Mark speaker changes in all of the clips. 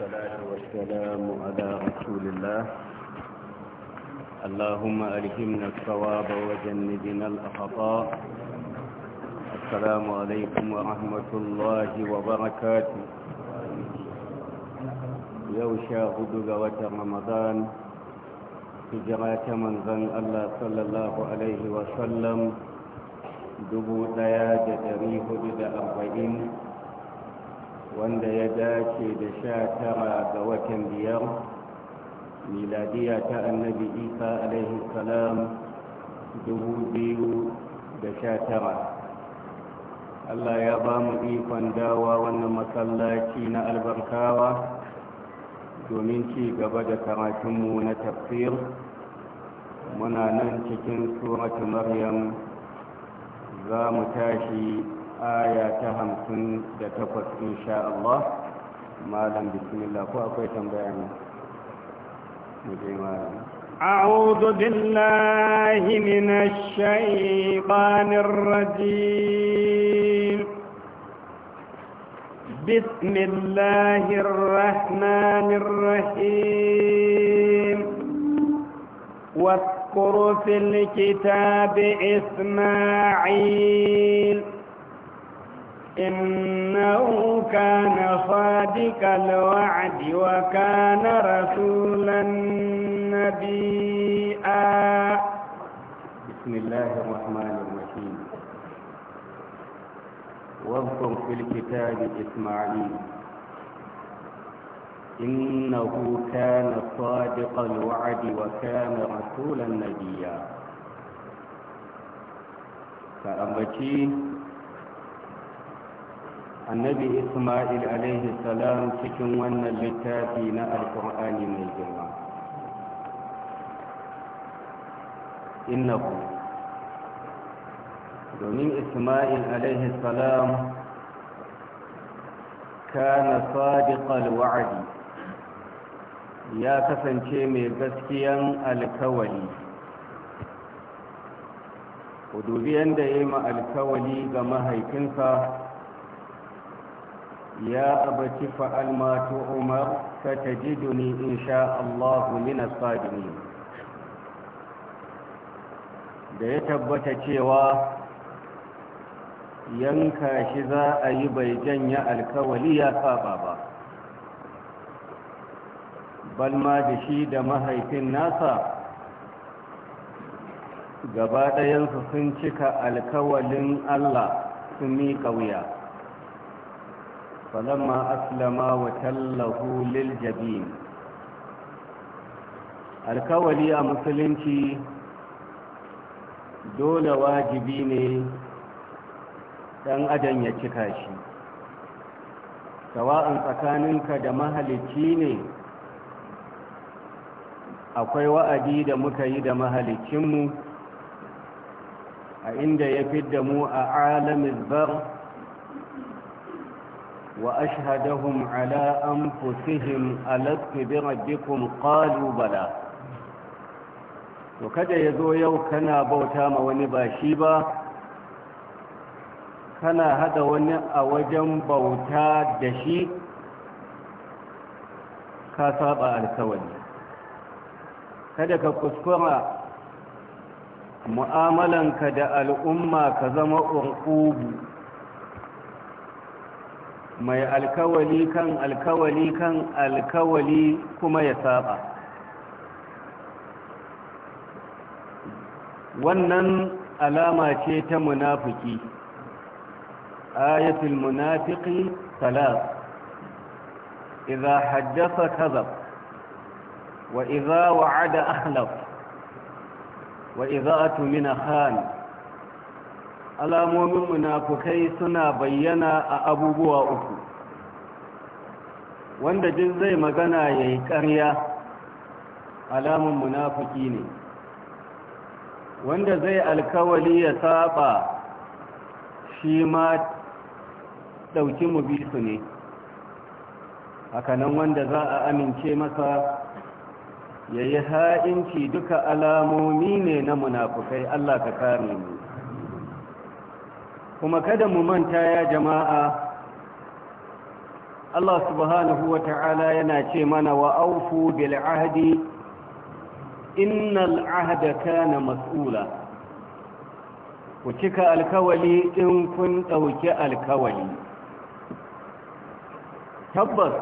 Speaker 1: والصلاة والسلام على رسول الله اللهم ألهمنا الصواب وجنبنا الأخطاء السلام عليكم ورحمة الله وبركاته يوشى هدوغ رمضان هجرة من ظن الله صلى الله عليه وسلم دبو ديادة ريه دد أربعين wanda ya dace da sha tara ga watan biyar miladiya ta annabi isa alaihi salam dubu biyu da sha tara allah ya ba mu ikon dawa wannan masallaci na albarkawa domin ci gaba da karatunmu na tafsir muna nan cikin suratu maryam za mu tashi آية تهمتن دتفت إن شاء الله ما لم بسم الله فأقيتم بأن
Speaker 2: أعوذ بالله من الشيطان الرجيم بسم الله الرحمن الرحيم واذكر في الكتاب إسماعيل إنه كان صادق الوعد وكان رسولا نبيا بسم الله الرحمن الرحيم واذكر في
Speaker 1: الكتاب إسماعيل إنه كان صادق الوعد وكان رسولا نبيا فأمتيه annabi isma'il alaihi salam cikin wannan littafi na alkur'ani mai girma innahu domin isma'il alaihi salam kana sadiqal wa'adi ya kasance mai gaskiyan alkawali ku dubi yadda ya yi ma alkawali ga mahaifinsa يا أبت فعل ما تؤمر فتجدني إن شاء الله من الصادقين da ya tabbata cewa yanka shi za a yi bai janya alkawali ya saba ba balma da shi da mahaifin nasa gaba ɗayansu sun cika alkawalin allah sun mi ƙauya. فلما أسلما وتله للجبين alkawali a musulunci dole wajibi ne ɗan adam ya cika shi sawa'an tsakaninka da mahalicci ne akwai wa'adi da muka yi da mahaliccinmu a inda ya da mu a alamin وأشهدهم على أنفسهم ألست بربكم قالوا بلى وكذا يزو يو كنا بوتام ونباشيبا كنا هذا ون أوجم بوتا دشي كساب الكوني kada ka kuskura mu'amalanka da al'umma ka zama ƙunƙubu mai alkawali kan alkawali kan alkawali kuma ya saba wannan alama ce ta munafiki ayatul munafiki salat Iza haddasa kazab wa idza wa'ada ahlaf wa idza atumina khana alamomin munafukai suna bayyana a abubuwa uku wanda jin zai magana ya yi ƙarya alamun munafuki ne wanda zai alkawali ya saba shi ma ɗauki mu bi su ne hakanan wanda za a amince masa ya yi ha'inci duka alamomi ne na munafukai allah ka kare mu kuma kada mu manta ya jama'a Allah subhanahu ta'ala yana ce mana wa aufu bil ahdi innal ahda kana mas'ula ku cika alkawali in kun dauki alkawali tabbas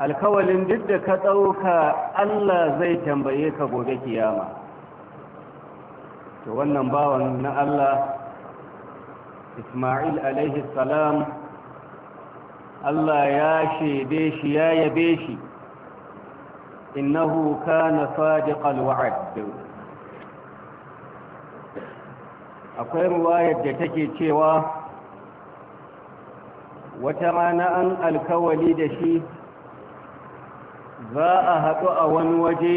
Speaker 1: alkawalin duk da ka dauka Allah zai tambaye ka gobe kiyama to wannan bawan na Allah isma'il alaihi salam Allah ya shaide shi ya yabe shi innahu kana sadiqal wa'd akwai ruwayar da take cewa wata rana an alkawali da shi za a haɗu a wani waje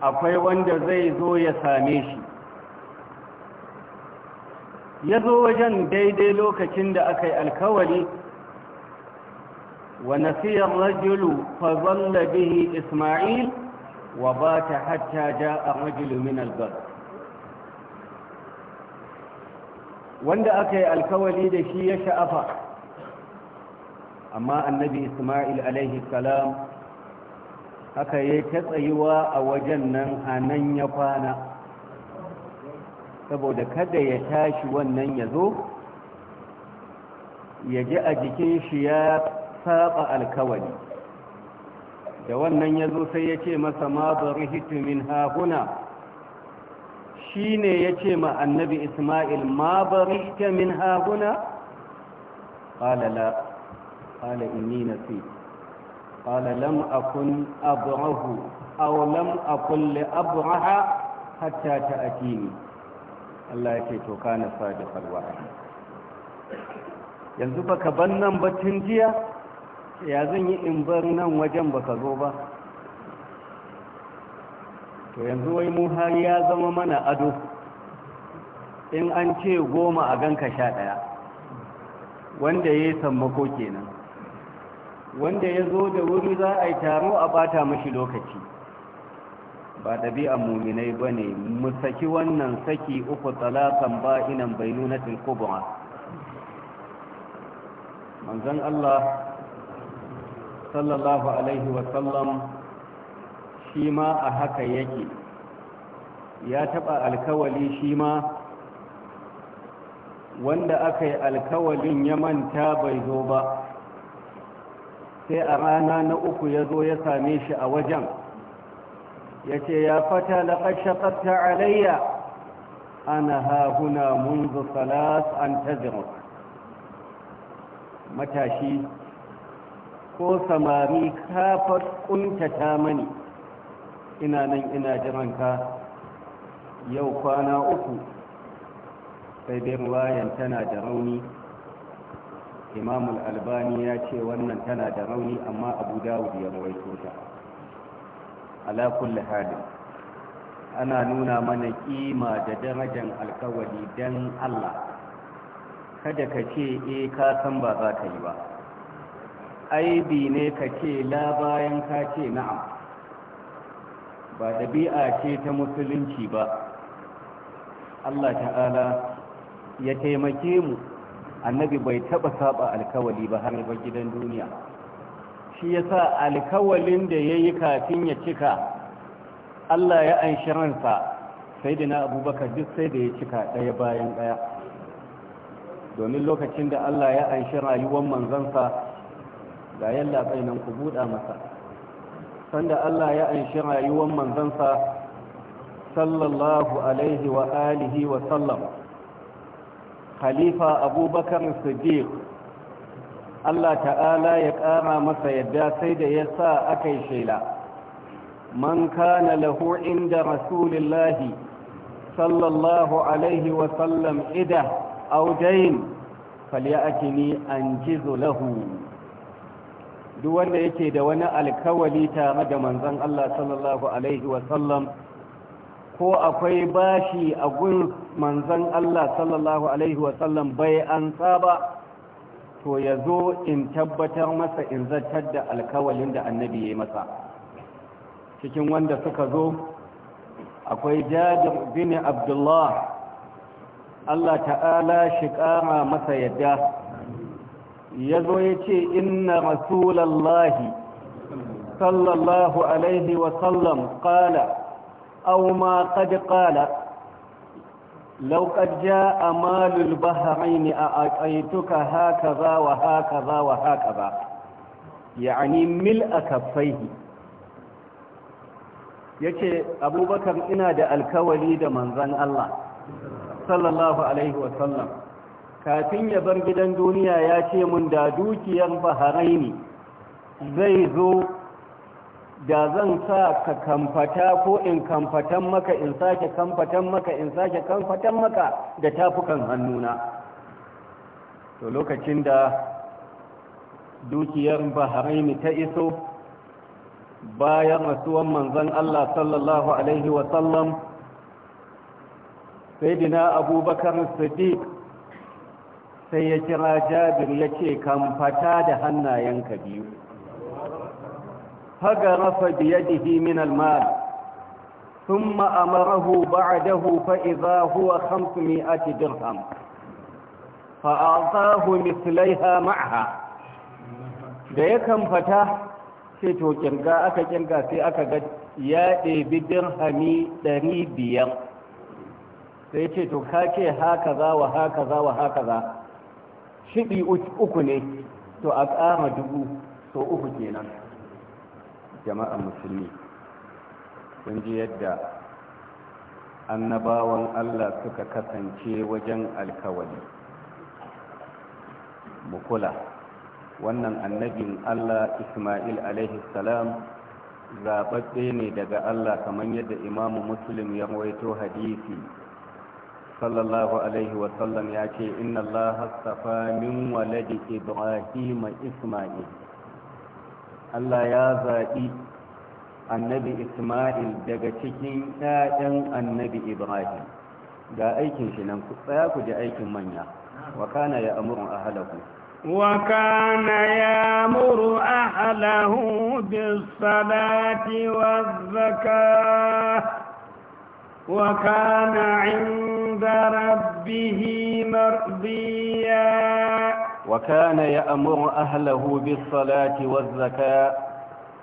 Speaker 1: akwai wanda zai zo ya same shi ya zo wajen daidai lokacin da aka yi alkawari wa nasiyar rajulu fa bihi isma'il wa bata hatta a rajulu min albar wanda aka yi alkawari da shi ya sha'afa amma annabi isma'il alaihi salam haka ya ta tsayuwa a wajen nan a nan ya kwana saboda kada ya tashi wannan ya zo ya ji a jikin shi ya saba alkawari da wannan ya zo sai ya ce masa ma bari hitumin hahuna shi ne ya ce ma annabi ismail ma bari min hahuna ƙala inni na fi ƙala lam akun abu aw lam akun li abu hatta ta akini Allah ya ce to kana sadi wa'd
Speaker 3: yanzu baka ban nan ba tun jiya
Speaker 1: ya zan yi in bar nan wajen baka zo ba to yanzu wai mu har ya zama mana ado in an ce goma a ganka sha ɗaya wanda ya yi sammako kenan wanda ya zo da wuri za a yi taro a bata mashi lokaci ba ɗabi'an muminai ba ne mu saki wannan saki uku talakan ba inan bai nuna tilkubuwa manzan Allah sallallahu alaihi wasallam shi ma a haka yake ya taɓa alkawali shi ma wanda aka yi alkawalin ya manta bai zo ba sai a rana na uku ya zo ya same shi a wajen yace ya fata laqad shaqatta alayya ana ha huna منذ salas antaziruk matashi ko samari kafar ƙuntata mani ina nan ina jiran ka yau kwana uku sai dai ruwayan tana da rauni imamul albani ya ce wannan tana da rauni amma abu dawud ya rawaito ta ala kulli halin ana nuna mana kima da darajar alkawali dan Allah kada ka ce eh ka san ba za ka yi ba aibi ne ka ce la bayan ka ce na'am ba dabi'a ce ta musulunci ba Allah ta'ala ya taimake mu annabi bai taba saba alkawali ba har ba gidan duniya shi ya sa alkawalin da ya yi kafin ya cika Allah ya anshi ransa na Abubakar duk sai da ya cika ɗaya bayan ɗaya. domin lokacin da Allah ya anshi rayuwar manzansa ga yalla bainan ku buɗa masa sanda Allah ya anshi rayuwar manzansa sallallahu alaihi wa alihi wa sallam khalifa Abubakar Siddiq Allah ta'ala ya ƙara masa yadda sai da ya sa aka yi shela man kana lahu inda rasulillahi sallallahu alaihi wasallam ida audain falyakini an jizu lahu duk wanda yake da wani alkawali tare da manzon Allah sallallahu alaihi wasallam ko akwai bashi a gun manzon Allah sallallahu alaihi wasallam bai an saba to ya zo in tabbatar masa in zartar da alkawalin da annabi ya yi masa cikin wanda suka zo akwai jabir bini abdullah Allah ta'ala shi ƙara masa yadda ya zo ya ce inna rasulallahi sallallahu alaihi wasallam ƙala au ma ƙadi ƙala لو قد جاء مال البحرين أعطيتك هكذا وهكذا وهكذا يعني ملء كفيه yake abubakar ina da alkawali da manzan Allah sallallahu alaihi wasallam kafin ya bar gidan duniya ya ce mun da dukiyar baharaini zai zo da zan sa ka kamfata ko in kamfatan maka in sake kamfatan maka in sake kamfatan maka da tafukan hannuna to lokacin da dukiyar bahraini ta iso bayan rasuwan manzon Allah sallallahu alaihi wasallam sayyidina abubakar Sadiq sai ya kira jabir ya ce kamfata da hannayenka biyu فغرف بيده من المال ثم أمره بعده فإذا هو خمسمائة درهم فأعطاه مثليها معها da yakan fata sai to kirga aka kirga sai aka ga ya ɗebi dirhami ɗari biyar sai ce to ka ce haka za wa haka za wa haka za shiɗi uku ne to a ƙara dubu to uku kenan jama'an musulmi sun ji yadda annabawan Allah suka kasance wajen alkawali mukula wannan annabin Allah Ismail alaihi salam zaɓaɓɓe ne daga Allah kamar yadda imamu muslim ya waito hadisi sallallahu alaihi wasallam ya ce inna Allah hastafa min waladi Ibrahim Ismail Allah ya zaɓi annabi Ismail daga cikin 'ya'yan annabi Ibrahim ga aikin shi nan ku tsaya ku ji aikin manya wa kana ya amuru
Speaker 2: halaku. wa kana ya amuru ahlahu salati waz وكان عند ربه مرضيا وكان يأمر أهله بالصلاة والزكاة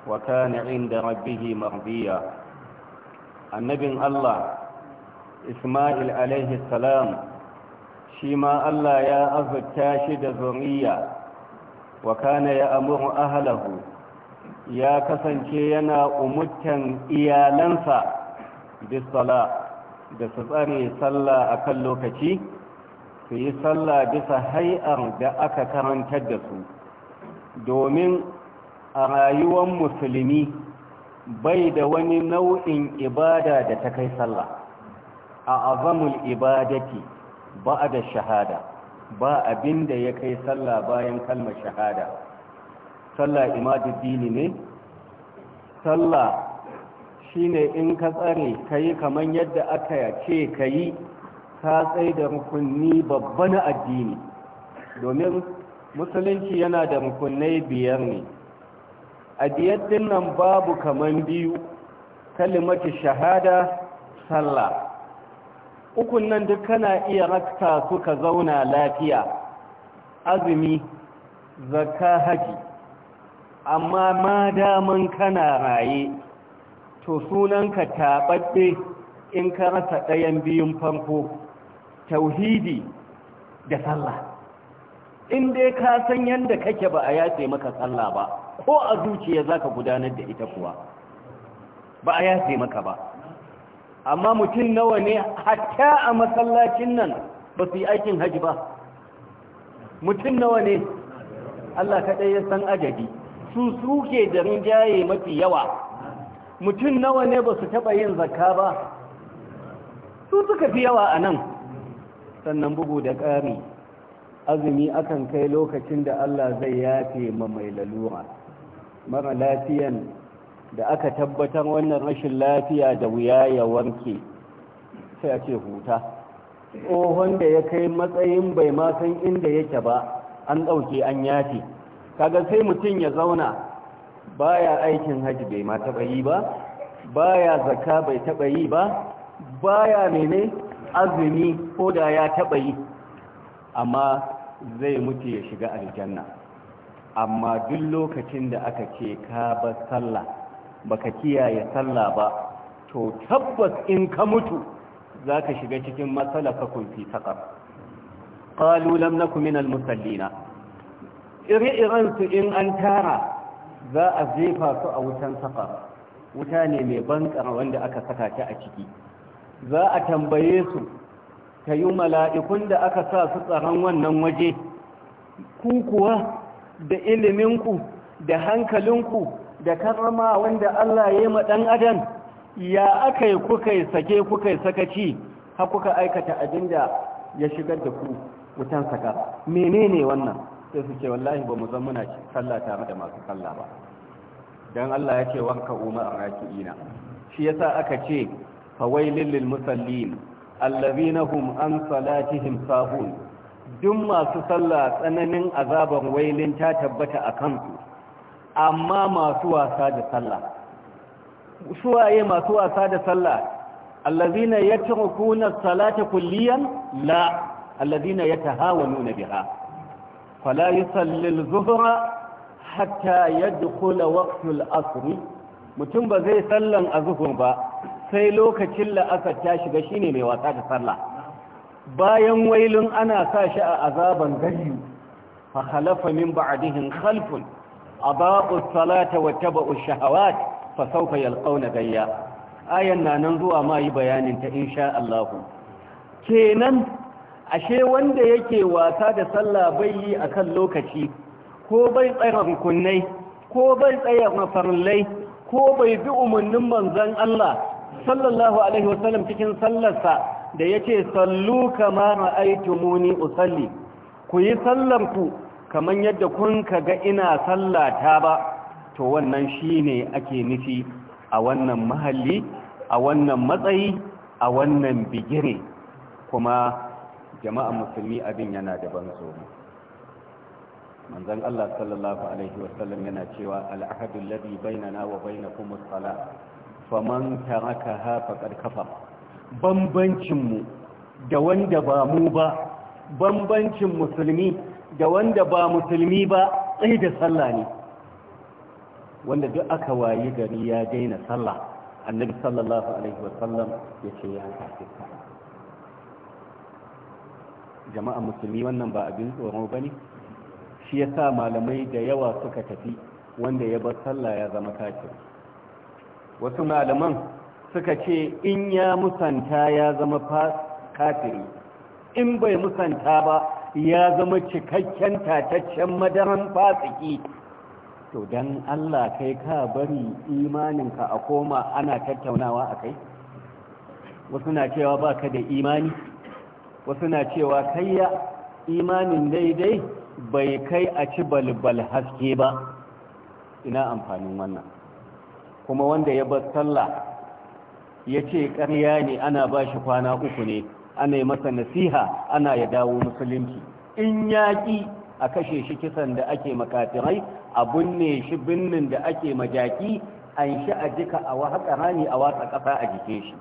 Speaker 1: وكان عند ربه مرضيا النبي الله إسماعيل عليه السلام شما الله يا أبو التاشد ذرية وكان يأمر أهله يا كسن شينا أمتا إيالنسا بالصلاة da صلى أكل sallah su yi sallah bisa hai'ar da aka karantar da su domin a rayuwar musulmi bai da wani nau'in ibada da ta kai sallah a azamul ibadati ba da shahada ba abin da ya kai sallah bayan kalmar shahada sallah imadu dini ne sallah shine in ka tsare kai yi kamar yadda aka ce ka yi ka tsaye da rukunni babba na addini domin musulunci yana da rukunnai biyar ne a nan babu kaman biyu kalimatu shahada sallah ukun nan duk kana iya rakta suka zauna lafiya azumi zakka haji amma ma daman kana raye to sunan ka taɓaɓɓe in ka rasa ɗayan biyun farko tauhidi da sallah in dai ka san yanda kake ba a yace maka sallah ba ko a zuciya zaka gudanar da ita kuwa ba a yace maka ba amma mutum nawa ne hatta a masallacin nan ba su yi aikin haji ba mutum nawa ne Allah kaɗai ya san ajabi. su suke da rinjaye mafi yawa mutum nawa ne ba su taɓa yin zakka ba su suka fi yawa a nan sannan bugu da ƙari azumi akan kai lokacin da Allah zai yafe ma mai lalura mara lafiyan da aka tabbatar wannan rashin lafiya da wuya ya warke sai a ce huta tsohon da ya kai matsayin bai ma san inda yake ba an ɗauke an yafe kaga sai mutum ya zauna baya aikin hajji bai ma taɓa yi ba baya zaka bai taɓa yi ba baya mene azumi ko da ya taɓa yi amma zai mutu ya shiga aljanna amma duk lokacin da aka ce ka ba sallah baka kiyaye sallah ba to tabbas in ka mutu za ka shiga cikin matsala ka kunfi taƙar ƙalu lam na kuminal musallina iran su in an tara za a zefa su a wutan taƙar wuta ne mai bankar wanda aka saka ta a ciki za a tambaye su ta yi mala'ikun da aka sa su tsaron wannan waje ku kuwa da iliminku da hankalinku da karama wanda Allah ya yi maɗan adam ya aka yi kuka yi sake kuka yi ci? Ha kuka aikata abin da ya shigar da ku wutan saka menene wannan sai su wallahi ba mu zan muna sallah tare da masu sallah ba don Allah ya ce wanka umar a raki'ina shi yasa aka ce fawailin lil musallin na hum an salatihim sahun duk masu sallah tsananin azaban wailin ta tabbata a kansu amma masu wasa da sallah suwaye masu wasa da sallah allazina yatrukuna salata kulliyan la hawa nuna biha fala yusalli al-zuhra hatta ya waqtu waktul asr mutum ba zai sallan a zuhur ba sai lokacin la'asar ta shiga shine mai wasa da sallah bayan wailun ana sa shi a azaban gari fa khalafa min ba'dihim khalfun aba'u salata wa taba'u shahawat fa sawfa yalqawna gayya ayan nan zuwa ma bayanin ta insha Allah kenan ashe wanda yake wasa da sallah bai yi akan lokaci ko bai tsaya rukunai ko bai tsaya mafarlai ko bai bi umarnin manzon Allah sallallahu alaihi wasallam cikin sallarsa da yace sallu kama ra'aytumuni usalli ku yi sallar ku kaman yadda kun kaga ina sallata ba to wannan shine ake nufi a wannan mahalli a wannan matsayi a wannan bigire kuma jama'a musulmi abin yana da ban tsoro manzon Allah sallallahu alaihi wasallam yana cewa al-ahadu alladhi bainana wa bainakum as-salat faman taraka hafa karkafa bambancinmu da wanda ba mu ba bambancin musulmi da wanda ba musulmi ba tsaye da sallah ne wanda duk aka wayi gari ya daina sallah annabi sallallahu alaihi wasallam ya ce ya kafirta jama'a musulmi wannan ba abin tsoro ba ne shi ya sa malamai da yawa suka tafi wanda ya bar sallah ya zama kafir wasu malaman suka ce in ya musanta ya zama kafiri in bai musanta ba ya zama cikakken tataccen madaran fasiki to dan Allah kai ka bari imaninka a koma ana tattaunawa a kai wasu na cewa ba ka da imani wasu na cewa kai ya? imanin daidai bai kai a ci balbal haske ba ina amfanin wannan kuma wanda ya bar sallah ya ce ƙarya ne ana ba shi kwana uku ne ana yi masa nasiha ana ya dawo musulunci in yaƙi a kashe shi kisan da ake makatirai a binne shi binnin da ake majaki an shi a jika a haka rani a watsa ƙasa a jike shi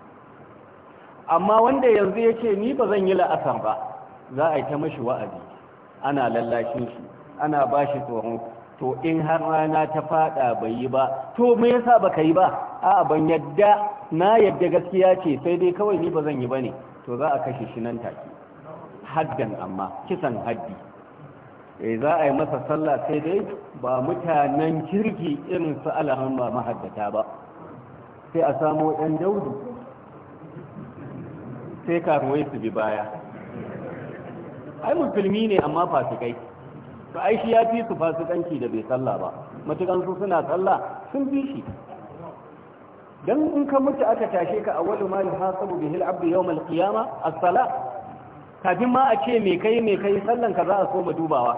Speaker 1: amma wanda yanzu ya ce ni ba zan yi la'asar ba za a yi ta mashi wa'azi ana lallashin shi ana ba shi tsoron to in har rana ta fada bai yi ba to me yasa baka yi ba a ban yadda na yadda gaskiya ce sai dai kawai ni ba zan yi bane to za a kashe shi nan take haddan amma kisan haddi eh za a yi masa sallah sai dai ba mutanen kirki irin su alhan ba mahaddata ba sai a samo ɗan daudu sai karuwai su bi baya ai musulmi ne amma fasikai to ai shi ya fi su fasikanci da bai sallah ba matukan su suna sallah sun bi shi dan in ka mutu aka tashe ka a wani mali hasabu al-abdu yawm al qiyama as sala kafin ma a ce me kai me kai sallan ka za a so mu dubawa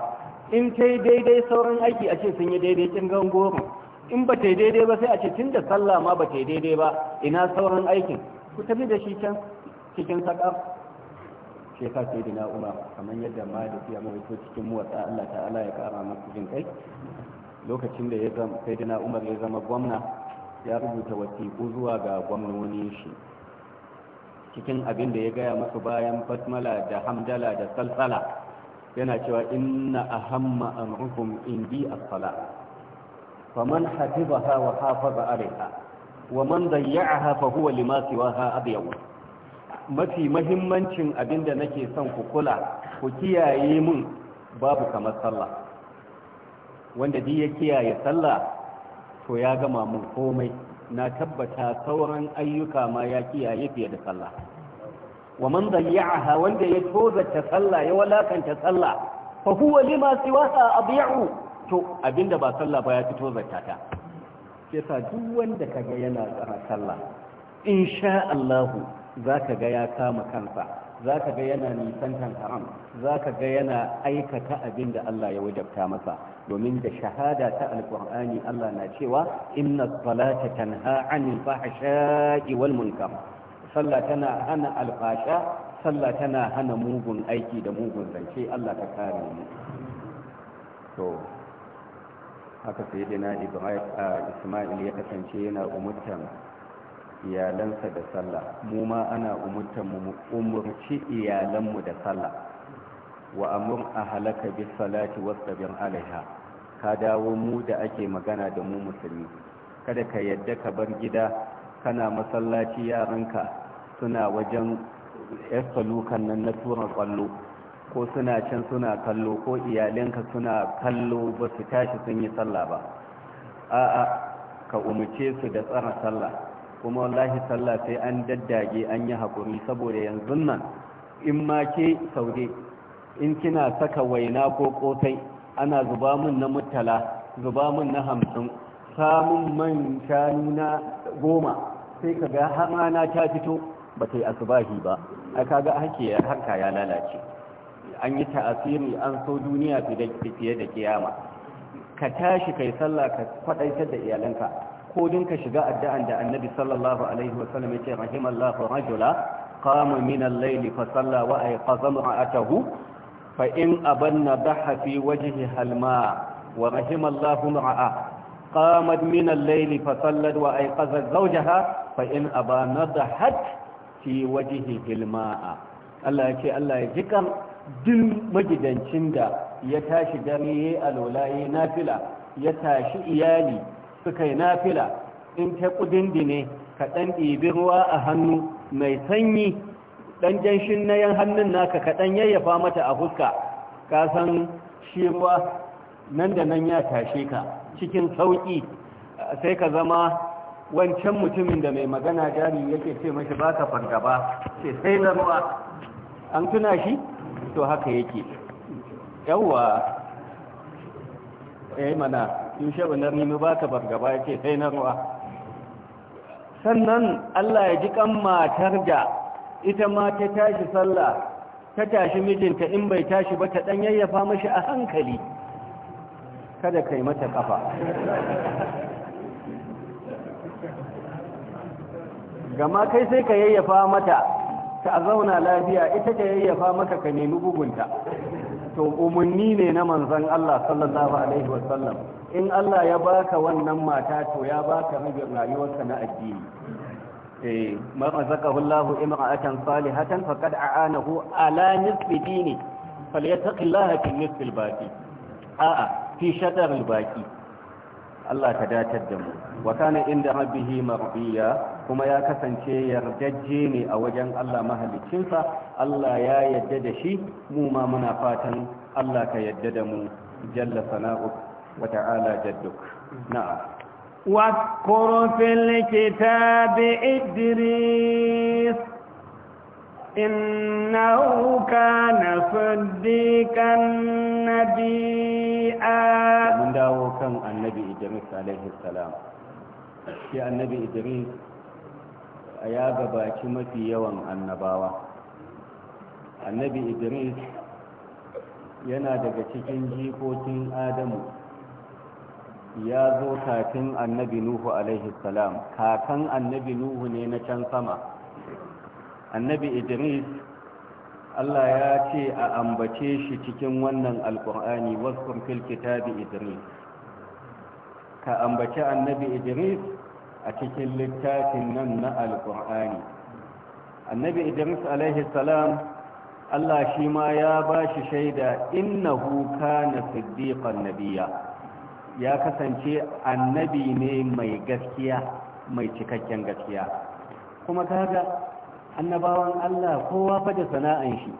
Speaker 1: in kai daidai sauran aiki a ce sun yi daidai kin gangoro in ba ta daidai ba sai a ce tun da sallah ma ba ta daidai ba ina sauran aikin ku tafi da shi can cikin sakar sai ka sai dina umar kamar yadda ma da fiya mawaito cikin muwatsa allah ta'ala ya kara masu jin kai lokacin da ya zama sai dina umar ya zama gwamna ya rubuta wasiƙu zuwa ga gwamnonin shi cikin abin da ya gaya masu bayan basmala da hamdala da salsala yana cewa inna ahamma amrukum indi as-sala faman hafizaha wa hafaza alaiha wa man dayya'aha fa huwa lima siwaha abyad mafi mahimmancin abinda nake son ku kula ku kiyaye mun babu kamar sallah wanda duk ya kiyaye sallah to ya gama mun komai na tabbata sauran ayyuka ma ya kiyaye fiye da sallah wa man dayya'aha wanda ya ta sallah ya walakanta sallah fa huwa lima siwaha adya'u to abinda ba sallah ba ya fito ta sai duk wanda kaga yana tsara sallah insha Allah za ka ga ya kama kansa za ka ga yana nisantan haram za ka ga yana aikata abin da Allah ya wajabta masa domin da shahada ta alkur'ani Allah na cewa inna salata tanha anil fahsha'i wal munkar sallah tana hana alfasha sallah tana hana mugun aiki da mugun zance Allah ka kare mu to haka sai dina ibrahim isma'il ya kasance yana umurtan iyalansa da sallah mu ma ana umurtar mu umurci iyalanmu da sallah wa amur ahlaka bis salati bin alaiha ka dawo mu da ake magana da mu musulmi kada ka yadda ka bar gida kana masallaci yaranka suna wajen yasalukan nan na turan kwallo ko suna can suna kallo ko iyalanka suna kallo ba su tashi sun yi sallah ba a'a ka umarce su da tsara sallah kuma wallahi sallah sai an daddage an yi haƙuri saboda yanzu nan in ma ke saude in kina saka waina ko kosai ana zuba min na mutala zuba min na hamsin samun man shanu na goma sai ka ga hamana ta fito ba ta yi asubahi ba a kaga hake haka ya lalace an yi ta'asiri an so duniya fiye da kiyama ka tashi kai sallah ka kwadaitar da iyalanka ko dun ka shiga addu'an da annabi sallallahu alaihi wa sallam yake rahimallahu rajula qama min al-layli fa salla wa ayqaza ma'atahu fa in abanna dhaha fi wajhi halma wa rahimallahu ma'a qamat min al-layli fa sallat wa ayqaza zawjaha fa in abana dhahat fi wajhi halma Allah yake Allah ya jikan duk magidancin da ya tashi dare yayi alola yayi nafila ya tashi iyali suka yi nafila in ta kudindine ka ɗan ɗibi ruwa a hannu mai sanyi ɗan janshin na yan hannun naka ka ɗan yayyafa mata a fuska. ka san shi ruwa nan da nan ya tashe ka cikin sauƙi sai ka zama wancan mutumin da mai magana jari yake ce mashi ba ka fargaba ce sai da ruwa an tuna shi to haka yake yawwa ya eh, yi mana yushe ba na rimi ba ka fargaba ya ce sai na ruwa sannan Allah ya ji kan matar da ita ma ta tashi sallah ta tashi mijinta in bai tashi ba ta ɗan yayyafa mashi a hankali kada ka yi mata kafa
Speaker 3: gama kai sai ka
Speaker 1: yayyafa mata ta zauna lafiya ita ta yayyafa maka ka nemi bugunta to umarni ne na manzan Allah sallallahu alaihi wasallam in Allah ya baka wannan mata to ya baka rabin rayuwarka na addini eh ma razaqahu Allah imra'atan salihatan faqad a'anahu ala nisbi dini falyattaqillaha fi nisbil baqi a'a fi shataril baqi Allah ta datar da mu wa kana inda rabbihi marbiya kuma ya kasance yardajje ne a wajen Allah mahalicinsa Allah ya yadda da shi mu ma muna fatan Allah ka yadda da mu jalla sana'uk وتعالى جدك نعم
Speaker 2: واذكر في الكتاب إدريس إنه كان صديقا نبيا من
Speaker 1: داو كان النبي إدريس عليه السلام في النبي إدريس أياب باكي في يوم النباوة النبي إدريس ينادك daga قوتين آدمه ya zo kafin annabi nuhu alaihi salam kakan annabi nuhu ne na can sama annabi idris allah ya ce a ambace shi cikin wannan alkur'ani wasu fil kitabi idris ka ambace annabi idris a cikin littafin nan na alkur'ani annabi idris alaihi salam allah shi ma ya ba shi shaida innahu kana siddiqan nabiyya ya kasance annabi ne mai gaskiya mai cikakken gaskiya kuma kaga annabawan Allah kowa fa da sana'an shi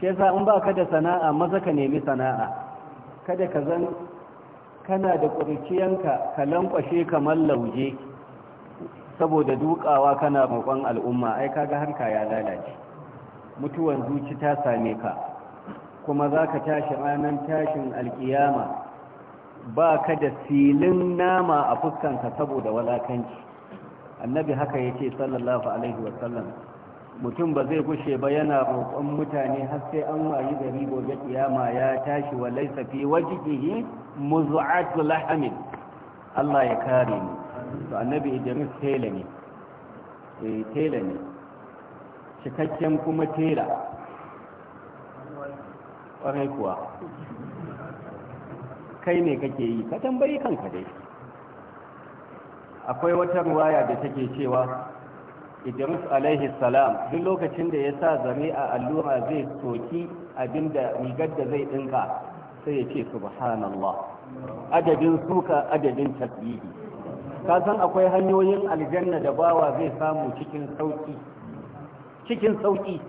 Speaker 1: shi yasa in ba ka da sana'a maza ka nemi sana'a kada ka zan kana da ƙurciyanka ka lankwashe kamar lauje saboda dukawa kana roƙon al'umma ai kaga harka ya lalace mutuwan zuci ta same ka kuma za ka tashi ranar tashin alkiyama ba ka da filin nama a fuskanka saboda walakanci annabi haka ya ce sallallahu alaihi wasallam mutum ba zai gushe ba yana roƙon mutane har sai an wayi gari gobe kiyama ya tashi wa laisa fi wajhihi muz'atu lahamin Allah ya kare ni to annabi Idris tela ne eh tela ne cikakken kuma tela ƙwarai kuwa kai ne kake yi ka tambayi kanka dai akwai wata ruwaya da take cewa idris alaihi salam duk lokacin da ya sa zare a allura zai soki abinda rigar da zai dinka sai ya ce subhanallah adadin suka adadin tasbihi ka san akwai hanyoyin aljanna da bawa zai samu cikin sauki cikin sauki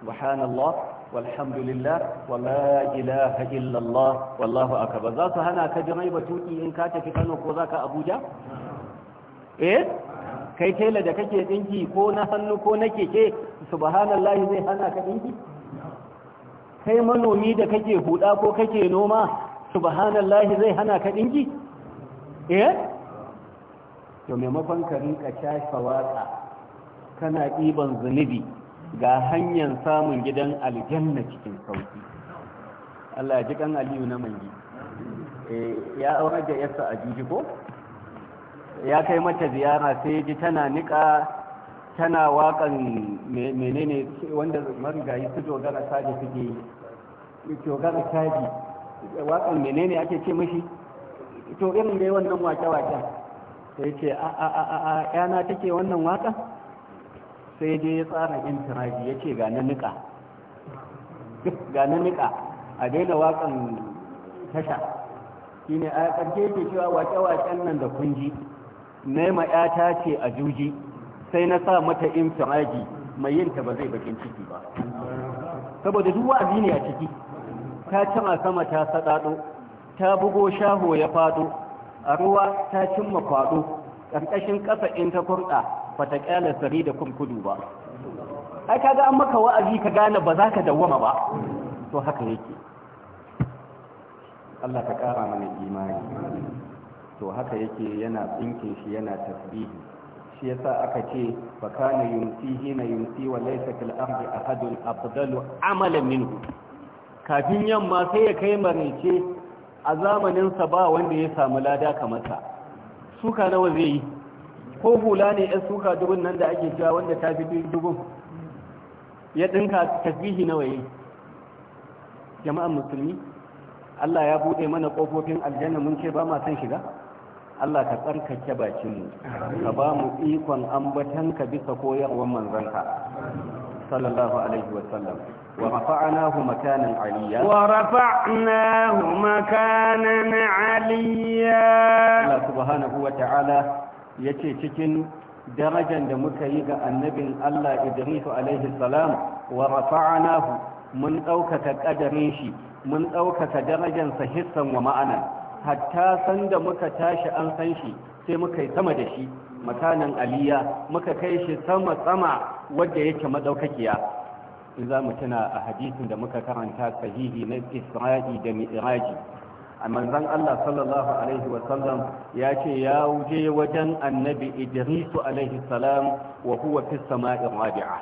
Speaker 1: subhanallah والحمد لله ولا إله إلا الله والله أكبر ذات هنا كجري بتوتي إن كاتك كانوا كذاك أبوجا إيه kai tela da kake dinki ko na hannu ko na keke subhanallahi zai hana ka dinki kai manomi da kake huda ko kake noma subhanallahi zai hana ka dinki eh to maimakon ka rinka shafa waka kana ɗiban zunubi ga hanyar samun gidan aljanna cikin sauki Allah ya ji kan aliyu na mangi eh, ya aure da yasa a jiji ko ya kai mata ziyara sai ji tana nika tana waƙan menene wanda marigayi su dogara sadi suke yi dogara sadi waƙan menene ake ce mashi to irin dai wannan wake-waken sai ce a a a a yana take wannan wakan sai dai ya tsara intiraji ya ce gane nika nika a daina wakan tasha shi ne a ƙarshe ke cewa wake-waken nan da kunji nema ƴata ce a juji sai na sa mata infiraji mai yinta ba zai bakin ciki ba saboda duk wa'azi ne a ciki ta cima sama ta saɗaɗo ta bugo shaho ya faɗo a ruwa ta cimma kwaɗo ƙarƙashin ƙasa in ta kurɗa fataƙalar sari da kun kudu ba ai ka ga an maka wa'azi ka gane ba za ka dawwama ba to haka yake Allah ka ƙara mana imani to haka yake yana tsinkin shi yana tasbihi shi yasa aka ce fa kana yumsi hina yumsi wa laysa kal ardi ahadun afdalu amalan minhu kafin yamma sai ya kai marece a zamanin sa ba wanda ya samu lada kamar sa suka nawa zai yi ko hula ne yan suka dubun nan da ake cewa wanda ta fi dubun ya ɗinka tasbihi nawa yi jama'an musulmi Allah ya buɗe mana ƙofofin aljanna mun ce ba ma san shiga Allah ka tsarkake bakinmu ka ba mu ikon ambatanka bisa koyarwar manzanka sallallahu alaihi wa sallam
Speaker 2: wa rafa'nahu makanan aliyya wa rafa'nahu makanan aliyya Allah subhanahu wa ta'ala
Speaker 1: ya ce cikin darajar da muka yi ga annabin Allah Idrisu alaihi salam wa rafa'anahu mun ɗaukaka ƙadarin shi mun ɗaukaka darajarsa hissan wa ma'ana hatta san da muka tashi an san shi sai muka yi sama da shi makanan aliya muka kai shi sama sama wadda yake madaukakiya in za mu tuna a hadisin da muka karanta sahihi na isra'i da mi'raji a manzan Allah sallallahu alaihi wasallam ya ce ya wuje wajen annabi idrisu alaihi salam wa huwa fi sama'i rabi'a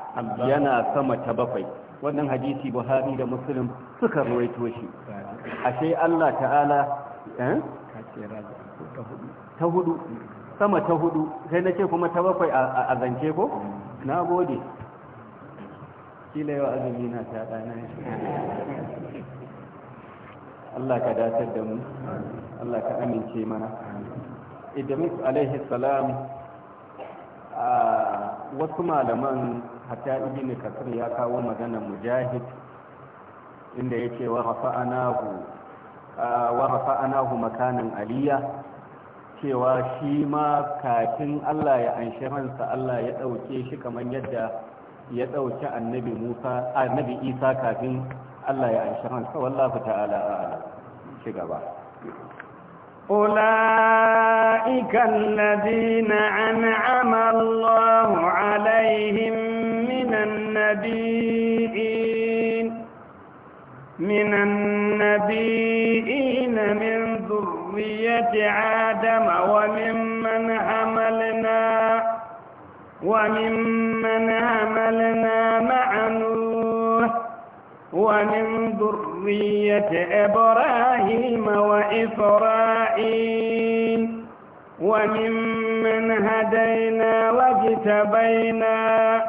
Speaker 1: yana sama ta bakwai wannan hadisi buhari da muslim suka ruwaito shi ashe Allah ta'ala eh? ta hudu sama ta hudu sai na ce kuma ta bakwai a zance ko na gode kila yau azumi na ta ɗana Allah ka datar da mu Allah ka amince mana idris alaihi salam wasu malaman hatta ibn kasir ya kawo magana mujahid inda yake wa rafa'anahu wa makanan aliyya cewa shi ma kafin Allah ya anshi ransa Allah ya ɗauke shi kamar yadda ya ɗauki annabi musa annabi isa kafin allah ya anshi ransa wallahu ta'ala a'ala ci gaba
Speaker 2: أولئك الذين أنعم الله عليهم من النبيين من النبيين من ذرية آدم وممن حملنا وممن عملنا مع نوح ومن ذرية إبراهيم وإسرائيل وممن هدينا واجتبينا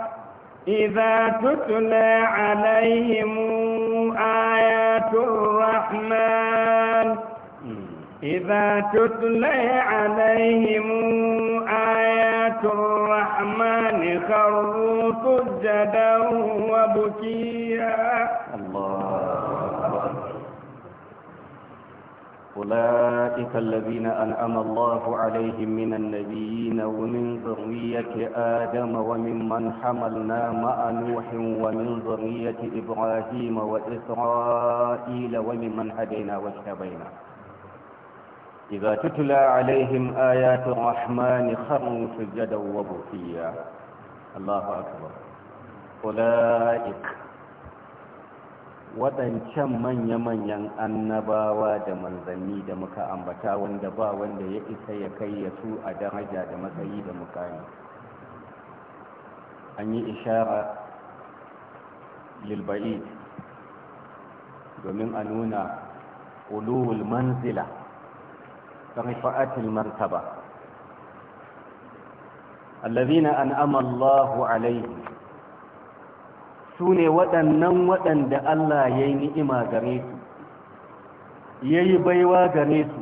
Speaker 2: إذا تتلى عليهم آيات الرحمن إذا تتلى عليهم آيات الرحمن خروا سجدا وبكيا الله
Speaker 1: أولئك الذين أنعم الله عليهم من النبيين ومن ذرية آدم وممن حملنا مع نوح ومن ذرية إبراهيم وإسرائيل وممن هدينا واجتبينا إذا تتلى عليهم آيات الرحمن خروا سجدا وبكيا الله أكبر أولئك waɗancan manya-manyan annabawa da manzanni da muka ambata wanda ba wanda ya isa ya kai ya su a daraja da matsayi da mukami an yi ishara lilba'id domin a nuna ulul manzila رفعت المرتبة الذين أنعم الله عليهم sune waɗannan waɗanda Allah ya yi ni'ima gare su ya yi baiwa gare su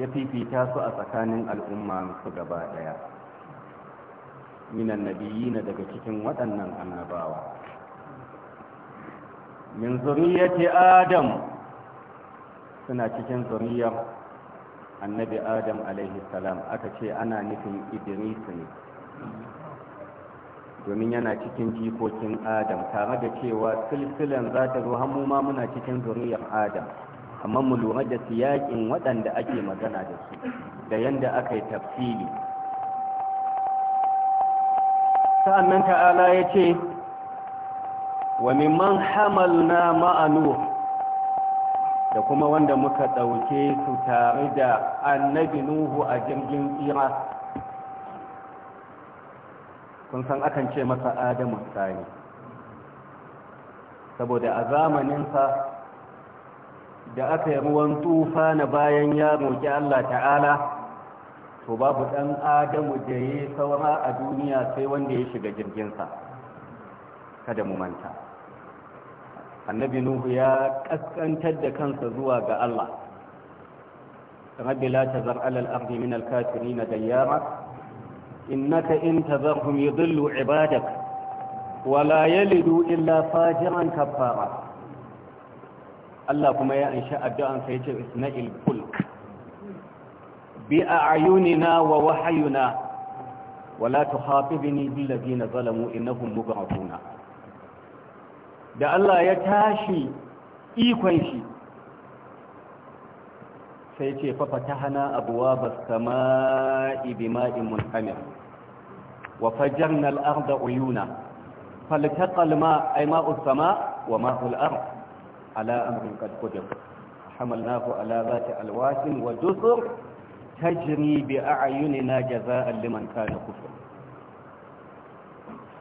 Speaker 1: ya fifita su a tsakanin al'umma su gaba ɗaya minan nabiyina daga cikin waɗannan annabawa min zuriyati adam suna cikin zuriyar annabi adam alaihi salam aka ce ana nufin idris ne domin yana cikin jikokin adam tare da cewa silsilan za ta zo hannu ma muna cikin zuriyar adam amma mu lura da siyakin waɗanda ake magana da su da yadda aka yi tafsiri sa'annan ta'ala ya ce wa mimman hamalna ma'anu da kuma wanda muka ɗauke su tare da annabi nuhu a jirgin tsira kun san akan ce masa adamu sani saboda a zamaninsa da aka yi ruwan tufa na bayan ya roƙi allah ta'ala to babu ɗan adamu da ya saura a duniya sai wanda ya shiga jirginsa kada mu manta annabi nuhu ya ƙasƙantar da kansa zuwa ga Allah rabbi la tazar ala al-ardi min al-kafirin dayyara innaka in tazarhum yudillu ibadak Wala yalidu illa fajiran kafara Allah kuma ya insha addu'an sai yace isna'il fulk bi a'yunina wa wahyuna ولا تخاطبني بالذين ظلموا إنهم مبعثون da Allah ya tashi ikon shi sai ce fa fatahana abwaabas samaa'i bima'in munhamir wa fajjarna al-arda uyuna faltaqa al-ma'u ay ma'u as-sama' wa ma'u al-ard ala amrin qad qadir ku ala dhati alwashin wa dusur tajri bi a'yunina jazaa'an liman kana kufur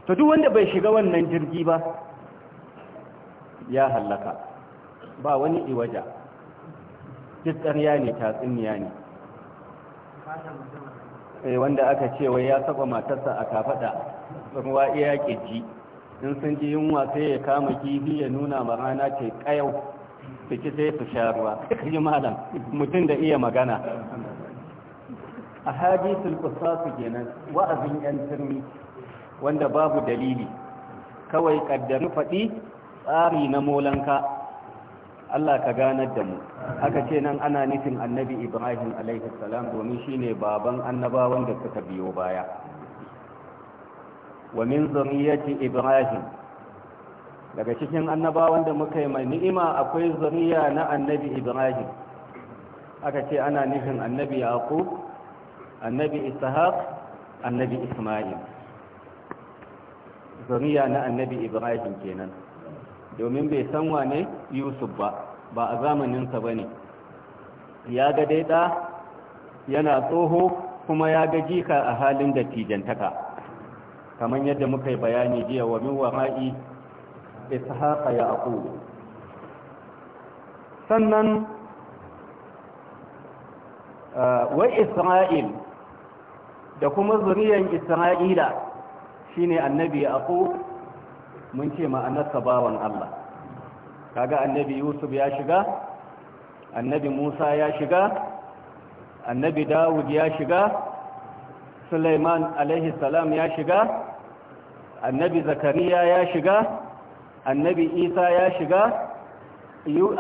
Speaker 1: to duk wanda bai shiga wannan jirgi ba ya hallaka ba wani iwaja duk ya ne tatsuniya ne eh, wanda aka ce wai ya saba matarsa a kafada Ruwa iya ƙirji in sun ji yunwa sai ya kama kifi ya nuna ma rana ce ƙayau su sai su sha ruwa ji malam mutum da iya magana a hadisul kenan wa'azin yan turmi wanda babu dalili kawai ƙaddari faɗi tsari na molanka Allah ka ganar da mu aka ce nan ana nufin annabi ibrahim alaihi salam domin shine baban annabawan da suka biyo baya wa min zuriyati ibrahim daga cikin annabawan da muka yi mai ni'ima akwai zuriya na annabi ibrahim aka ce ana nufin annabi yaqub annabi ishaq annabi isma'il zuriya na annabi ibrahim kenan domin bai san wane yusuf ba ba a zamaninsa ba ne ya ga dai ɗa yana tsoho kuma ya ga jika a halin da tijantaka kamar yadda muka yi bayani jiya wa min wama'i ishaqa ya sannan wa isra'il da kuma zuriyan isra'ila shine annabi yaqub mun ce ma'anarsa bawan Allah kaga annabi yusuf ya shiga annabi musa ya shiga annabi dawud ya shiga suleiman alaihi salam ya shiga annabi zakariya ya shiga annabi isa ya shiga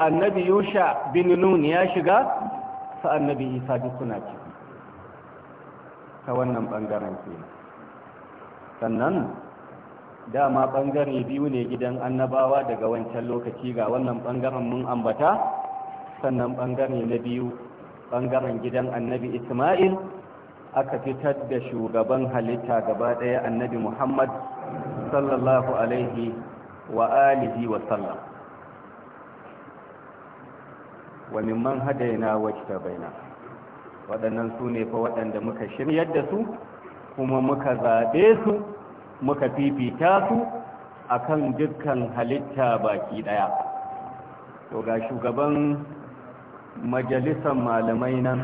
Speaker 1: annabi yusha bin nun ya shiga sa annabi isa duk suna ciki ta wannan bangaren kenan sannan dama ɓangare biyu ne gidan annabawa daga wancan lokaci ga wannan ɓangaren mun ambata sannan ɓangare na biyu ɓangaren gidan annabi ismail aka fitar da shugaban halitta gaba ɗaya annabi muhammad sallallahu alaihi wa alihi wa sallam wa mimman hadaina wajta baina waɗannan su ne fa waɗanda muka shirya da su kuma muka zaɓe su muka fifita su akan dukkan halitta baki ɗaya. to ga shugaban majalisar malamai nan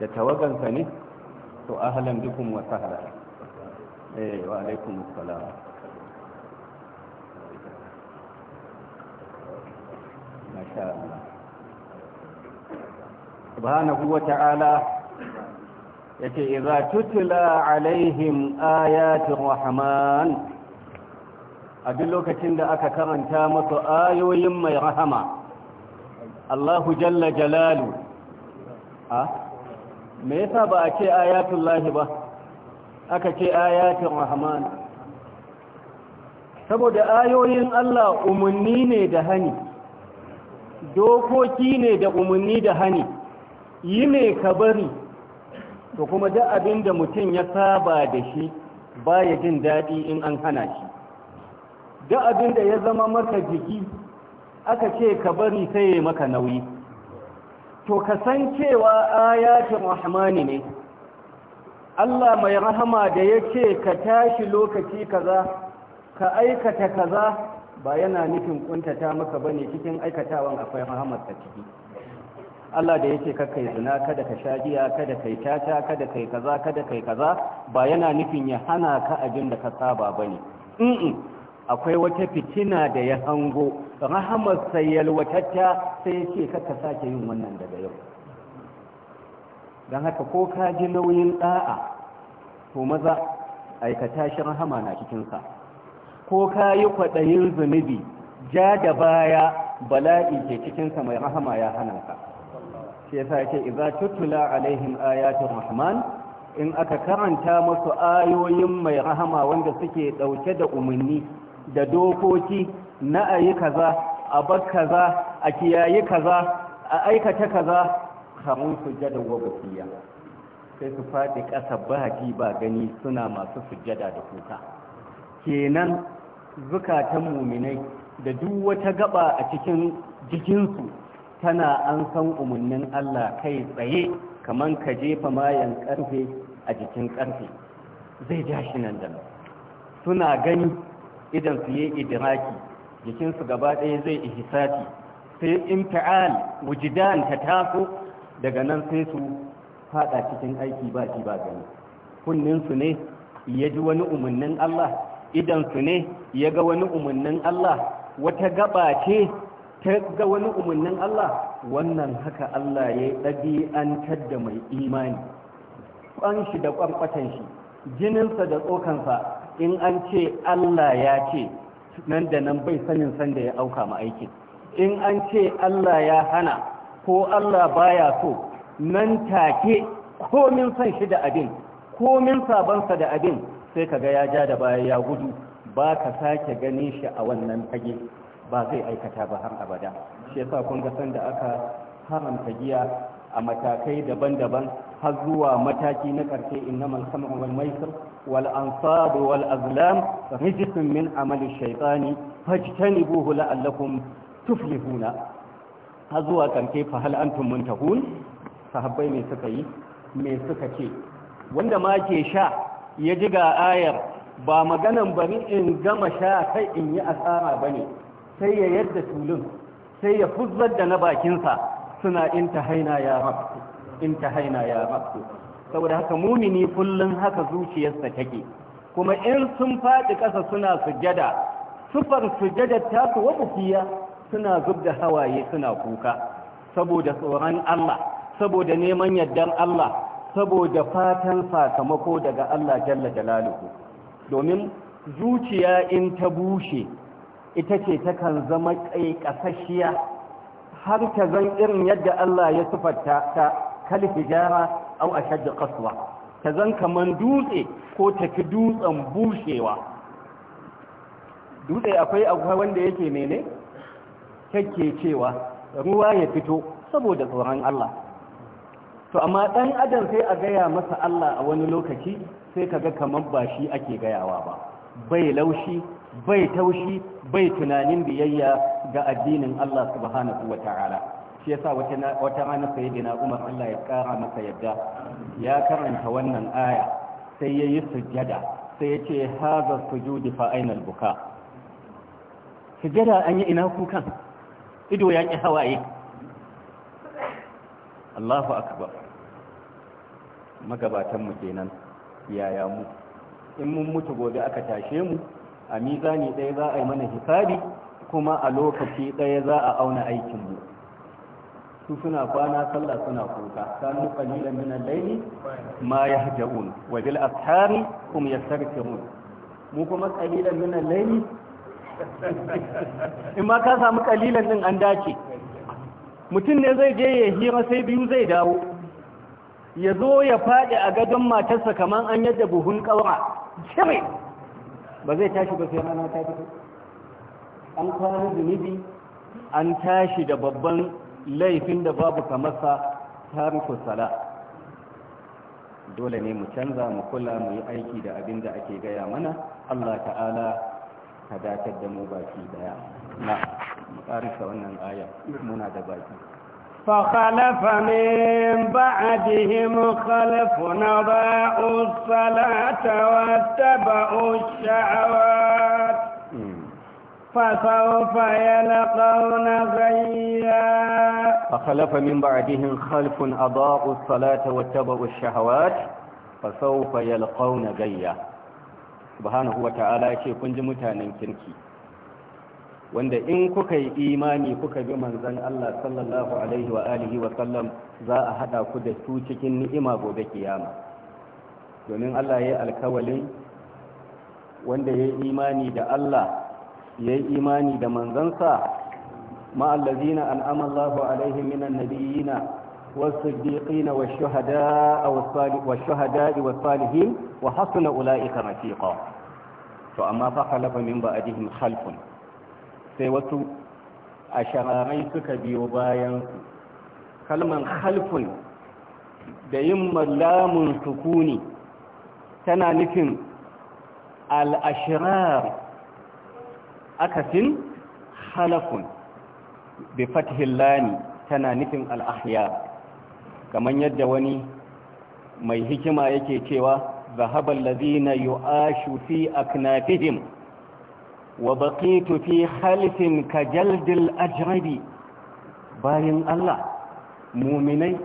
Speaker 1: da tawagansa ne to ahalan dukkan wa hada eh wa alaikun assalam masha'ala ba subhanahu kuwa ta'ala yace idza tutla alaihim ayatu rahman a duk lokacin da aka karanta musu ayoyin mai rahama Allahu jalla jalalu ha me yasa ba a ce lahi ba aka ce ayatin rahman saboda ayoyin Allah umarni ne da hani dokoki ne da umarni da hani yi ne ka bari to kuma duk abin da mutum ya saba da shi baya jin daɗi in an hana shi duk abin da ya zama maka jiki aka ce ka bari sai ya maka nauyi to ka san cewa ayatul rahmani ne Allah mai rahama da yake ka tashi lokaci kaza ka aikata kaza ba yana nufin kuntata maka bane cikin aikatawan akwai rahamar ta ciki Allah da yake kaka yi zina kada ka sha giya kada kai tata kada kai kaza kada kai kaza ba yana nufin ya hana ka abin da ka saba bane in akwai wata fitina da ya hango rahamar sayyal watatta sai yake ka sake yin wannan daga yau dan haka ko ka ji nauyin da'a to maza aikata shi rahama na cikin ko ka yi kwaɗayin zunubi ja da baya bala'i ke cikinsa mai rahama ya hana ka shi yasa yake idza tutula alaihim ayatul rahman in aka karanta musu ayoyin mai rahama wanda suke dauke da umarni da dokoki na ayi kaza a bar kaza a kiyayi kaza a aikata kaza kamun sujada wa bukiya sai su faɗi ƙasa ba ba gani suna masu sujada da kuka kenan zukatan muminai da duk wata gaba a cikin jikinsu tana an san umarnin Allah kai tsaye kaman ka jefa mayan karfe a jikin karfe zai ja shi nan da nan suna gani idan su yi idiraki jikinsu gaba ɗaya zai ihisati sai in imti'al wujidan ta taso daga nan sai su fada cikin aiki ba shi ba gani kunninsu ne ya ji wani umarnin Allah idansu ne ya ga wani umarnin Allah wata gaba ce ta ga wani umarnin Allah wannan haka Allah ya yi ɗabi'antar da mai imani ƙwanshi da ƙwanƙwatan shi jininsa da tsokansa in an ce Allah ya ce nan da nan bai sanin sanda ya auka ma aikin in an ce Allah ya hana ko Allah baya so nan take komin san shi da abin komin sabonsa da abin sai ka ga ya ja da baya ya gudu ba ka sake ganin shi a wannan fage ba zai aikata ba har abada shi yasa kun ga sanda aka haramta giya a matakai daban-daban har zuwa mataki na karshe innamal khamru wal maisir wal ansab wal azlam rijsun min amali shaytani fajtanibuhu la'allakum tuflihuna har zuwa karshe fa hal antum muntahun sahabbai me suka yi me suka ce wanda ma ke sha ya ji ga ayar ba maganan bari in gama sha kai in yi asara bane sai ya yadda tulun sai ya fuzzar da na bakinsa suna haina ya haina ya rabbi saboda haka mumini kullun haka zuciyarsa take kuma in sun faɗi ƙasa suna sujada sufar sujjadar tasu wabukiya suna zub hawaye suna kuka saboda tsoron Allah saboda neman yardar Allah saboda fatan sakamako daga Allah jalla jalaluhu domin zuciya in ta bushe ita ce takan zama ƙasashiya har ta zan irin yadda Allah ya sifarta ta jara au a ashad kasuwa, ta zan kaman dutse ko tafi dutsen bushewa dutse akwai akwai wanda yake mene kake cewa ruwa ya fito saboda tsoron Allah to amma dan adam sai a gaya masa Allah a wani lokaci sai kaga kamar ba shi ake gayawa ba bai laushi bai taushi bai tunanin biyayya ga addinin Allah subhanahu wa ta'ala shi yasa wata rana sayyidina Umar Allah ya kara masa yadda ya karanta wannan aya sai yayi sujjada sai ya ce haza sujudi fa aina buka sujjada an yi ina kukan ido ya ki hawaye Allahu akbar magabatan mu kenan yaya mu in mun mutu gobe aka tashe mu a mizani ɗaya za a yi mana hisabi kuma a lokaci ɗaya za a auna aikinmu su suna kwana sallah suna kuka kanu qalilan min al-layli ma yahjaun wa bil ashari hum yastaghfirun mu kuma kalilan min al-layli in ma ka samu kalilan din an dace mutum ne zai je ya hira sai biyu zai dawo ya zo ya faɗi a gadon matarsa kamar an yadda buhun ƙaura ba zai tashi ba sai rana ta fito an kwana zunubi an tashi da babban laifin da babu kamarsa tariku sala dole ne mu canza mu kula mu yi aiki da abin da ake gaya mana Allah ta'ala ka dakar da mu baki daya na mu karisa wannan aya muna da baki
Speaker 2: فخلف من بعدهم خلف نضاءوا الصلاة واتبعوا الشعوات فسوف يلقون غيا
Speaker 1: فخلف من بعدهم خلف أضاءوا الصلاة واتبعوا الشهوات فسوف يلقون غيا subhanahu wa ta'ala ya ce kun ji mutanen kirki wanda in kuka yi imani kuka bi manzan Allah sallallahu alaihi wa alihi wa sallam za a hada ku da su cikin ni'ima gobe kiyama domin Allah ya yi alkawalin wanda ya yi imani da Allah ya yi imani da manzansa ma'allazina an'ama Allahu alaihim minan nabiyina والصديقين والشهداء والشهداء والصالحين وحسن أولئك رفيقا فأما فخلف من بعدهم خلف sai wasu a shahararai suka biyo bayan su kalmar halfun da yin mallamun sukuni tana nufin al'ashirar akasin halafun bi fatihin lani tana nufin al’ahya kamar yadda wani mai hikima yake cewa zahabar lazina yi ashu fi aknafihim wa في خلف كجلد ka باين الله bayin Allah muminai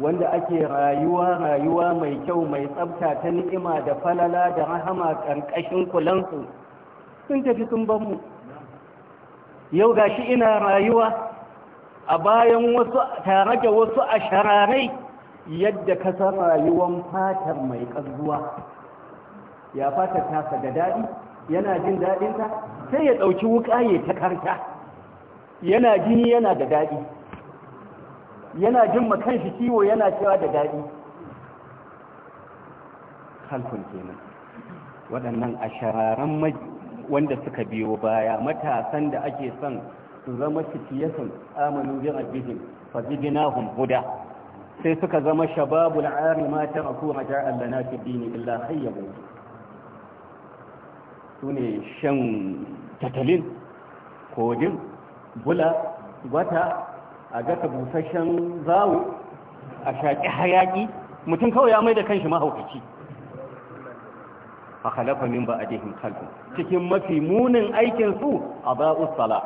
Speaker 1: wanda ake rayuwa rayuwa mai kyau mai tsabta ta ni'ima da falala da rahama ƙarƙashin kulansu sun tafi sun ban mu yau gashi ina rayuwa a bayan wasu tare da wasu a shararai yadda ka san rayuwan fatar mai ƙazuwa ya fata tasa da daɗi yana jin daɗinta sai ya ɗauki wuƙa ya ta karta yana jini yana da daɗi yana jin shi ciwo yana cewa da daɗi halkun kenan waɗannan a shararen wanda suka biyo baya matasan da ake son su zama fitiyasun amanu bin abidin fazidinahum huda sai suka zama shababul arima ta aku raja'a lana fi dini illa hayyabu su ne shan tatalin kodin bula gwata a gaka busasshen zawo a shaƙi hayaƙi mutum kawai ya mai da kanshi mahaukaci a halafa min ba a jihin cikin mafi munin aikinsu a ba'us sala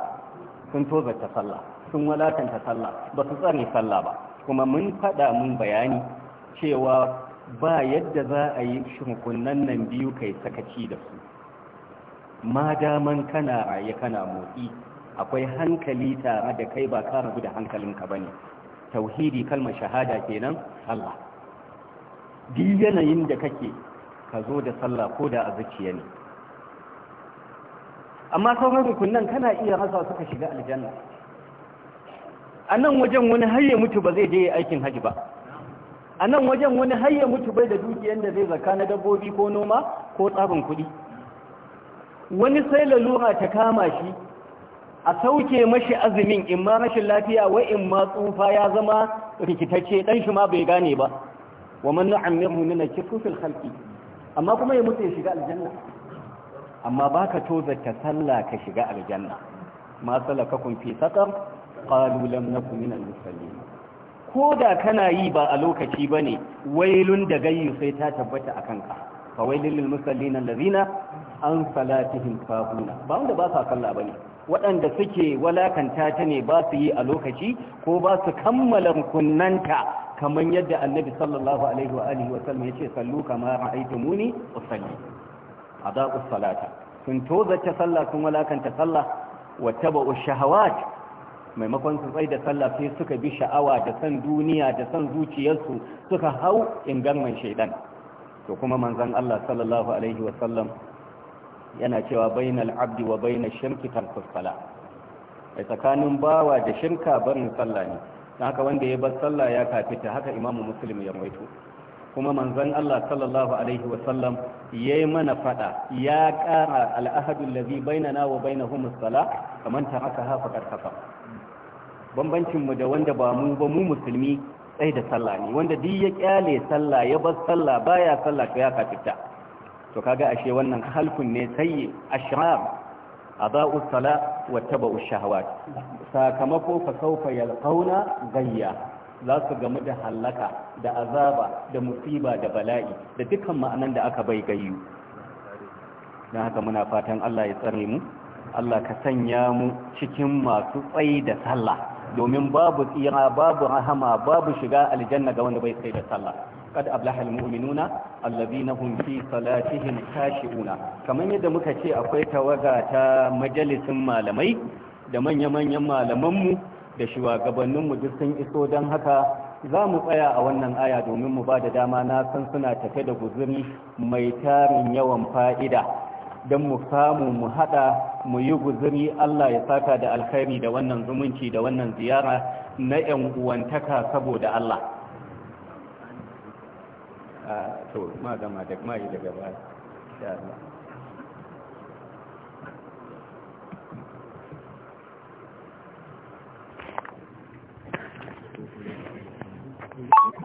Speaker 1: sun ta sallah sun walatanta sallah ba su tsare sallah ba kuma mun faɗa mun bayani cewa ba yadda za a yi hukunan nan biyu kai sakaci da su ma daman kana raye kana motsi akwai hankali tare da kai ba ka rabu da hankalinka ba ne tauhidi kalmar shahada kenan Allah duk yanayin da kake ka zo da sallah ko da a zuciya ne amma sauran rukunan kana iya rasa suka shiga aljanna a nan wajen wani hayye mutu ba zai je aikin haji ba a nan wajen wani hayye mutu bai da dukiyar da zai zaka na dabbobi ko noma ko tsarin kuɗi wani sai lalura ta kama shi a sauke mashi azumin in ma rashin lafiya wa in ma tsufa ya zama rikitacce dan shi ma bai gane ba wa man nu'ammiru min al-kifu fil khalqi amma kuma ya mutu ya shiga aljanna amma baka ta sallah ka shiga aljanna ma salaka kun fi saqar qalu lam nakum min al-musallin ko da kana yi ba a lokaci bane wailun da gayyu sai ta tabbata akan ka fa wailul lil musallin allazina an salatihim sahuna ba wanda ba sa sallah bane waɗanda suke walakanta ta ne ba su yi a lokaci ko ba su kammala kunnanta kamar yadda annabi sallallahu alaihi wa alihi wa sallam yace sallu kama ra'aytumuni usalli adaa'us salata sun toza ta sallah sun walakanta sallah wa tabu shahawat maimakon su tsaye da sallah sai suka bi sha'awa da san duniya da san zuciyarsu suka hau ingarman shaidan to kuma manzon Allah sallallahu alaihi wa sallam yana cewa bainal abdi wa bainal shirki tarkus sala ai tsakanin bawa da shirka barin sallah ne dan haka wanda ya bar sallah ya kafita haka imamu muslim ya rawaito kuma manzon Allah sallallahu alaihi wa sallam yayi mana fada ya kara al'ahadu allazi bainana wa bainahum as-sala kaman ta haka hafa karkafa bambancin mu da wanda ba mu ba mu musulmi sai da sallah ne wanda duk ya kyale sallah ya bar sallah baya sallah to ya kafita to kaga ashe wannan halkun ne sai ashrar aba'u sala wa taba'u shahawat sakamako fa sawfa yalqauna gayya za su gamu da halaka da azaba da musiba da bala'i da dukkan ma'anan da aka bai gayyu dan haka muna fatan Allah ya tsare mu Allah ka sanya mu cikin masu tsayi da sallah domin babu tsira babu rahama babu shiga aljanna ga wanda bai tsayi da sallah qad aflaha almu'minuna alladhina hum fi salatihim khashi'una kaman yadda muka ce akwai tawaga ta majalisin malamai da manya-manyan malamanmu da shugabanninmu duk sun iso don haka za mu tsaya a wannan aya domin mu ba da dama na san suna tafe da guzuri mai tarin yawan fa'ida don mu samu mu haɗa mu yi guzuri Allah ya saka da alkhairi da wannan zumunci da wannan ziyara na ‘yan uwantaka saboda Allah. a to ma da mai daga baya
Speaker 3: insha Allah